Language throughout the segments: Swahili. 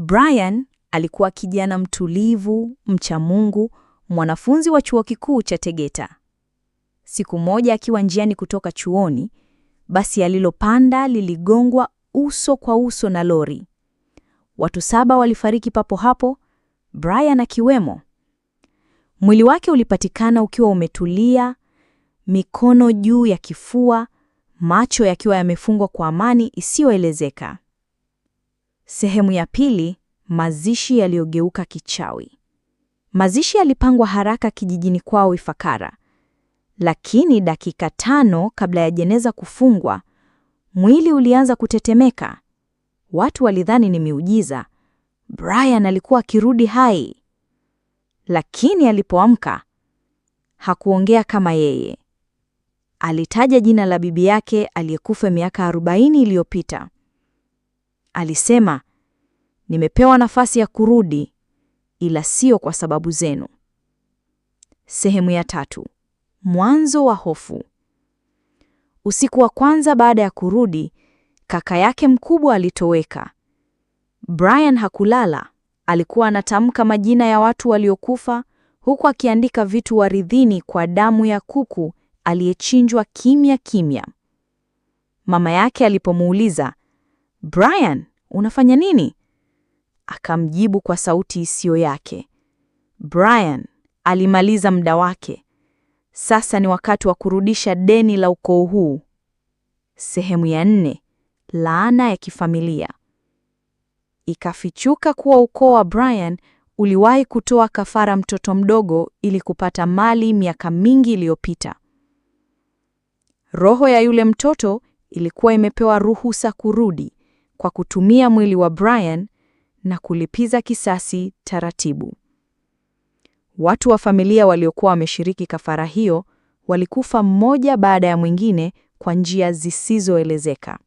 Brian alikuwa kijana mtulivu, mcha Mungu, mwanafunzi wa chuo kikuu cha Tegeta. Siku moja akiwa njiani kutoka chuoni, basi alilopanda liligongwa uso kwa uso na lori. Watu saba walifariki papo hapo, Brian akiwemo. Mwili wake ulipatikana ukiwa umetulia, mikono juu ya kifua, macho yakiwa yamefungwa kwa amani isiyoelezeka. Sehemu ya pili: mazishi yaliyogeuka kichawi. Mazishi yalipangwa haraka kijijini kwao Ifakara, lakini dakika tano kabla ya jeneza kufungwa, mwili ulianza kutetemeka. Watu walidhani ni miujiza, Brian alikuwa akirudi hai. Lakini alipoamka hakuongea kama yeye. Alitaja jina la bibi yake aliyekufa miaka 40 iliyopita. Alisema, nimepewa nafasi ya kurudi, ila sio kwa sababu zenu. Sehemu ya tatu. Mwanzo wa hofu. Usiku wa kwanza baada ya kurudi, kaka yake mkubwa alitoweka. Brian hakulala, alikuwa anatamka majina ya watu waliokufa huku akiandika vitu waridhini kwa damu ya kuku aliyechinjwa kimya kimya. Mama yake alipomuuliza, Brian, unafanya nini? Akamjibu kwa sauti isiyo yake. Brian alimaliza muda wake. Sasa ni wakati wa kurudisha deni la ukoo huu. Sehemu ya nne: laana ya kifamilia. Ikafichuka kuwa ukoo wa Brian uliwahi kutoa kafara mtoto mdogo ili kupata mali miaka mingi iliyopita. Roho ya yule mtoto ilikuwa imepewa ruhusa kurudi, kwa kutumia mwili wa Brian na kulipiza kisasi taratibu. Watu wa familia waliokuwa wameshiriki kafara hiyo walikufa mmoja baada ya mwingine kwa njia zisizoelezeka.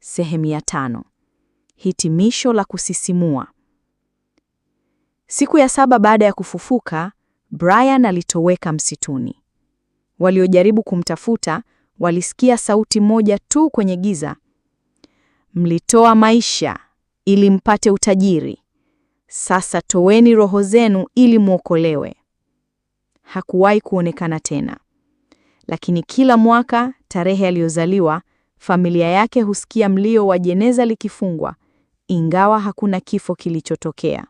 Sehemu ya tano. Hitimisho la kusisimua. Siku ya saba baada ya kufufuka, Brian alitoweka msituni. Waliojaribu kumtafuta walisikia sauti moja tu kwenye giza Mlitoa maisha ili mpate utajiri, sasa toweni roho zenu ili mwokolewe. Hakuwahi kuonekana tena, lakini kila mwaka tarehe aliyozaliwa, familia yake husikia mlio wa jeneza likifungwa, ingawa hakuna kifo kilichotokea.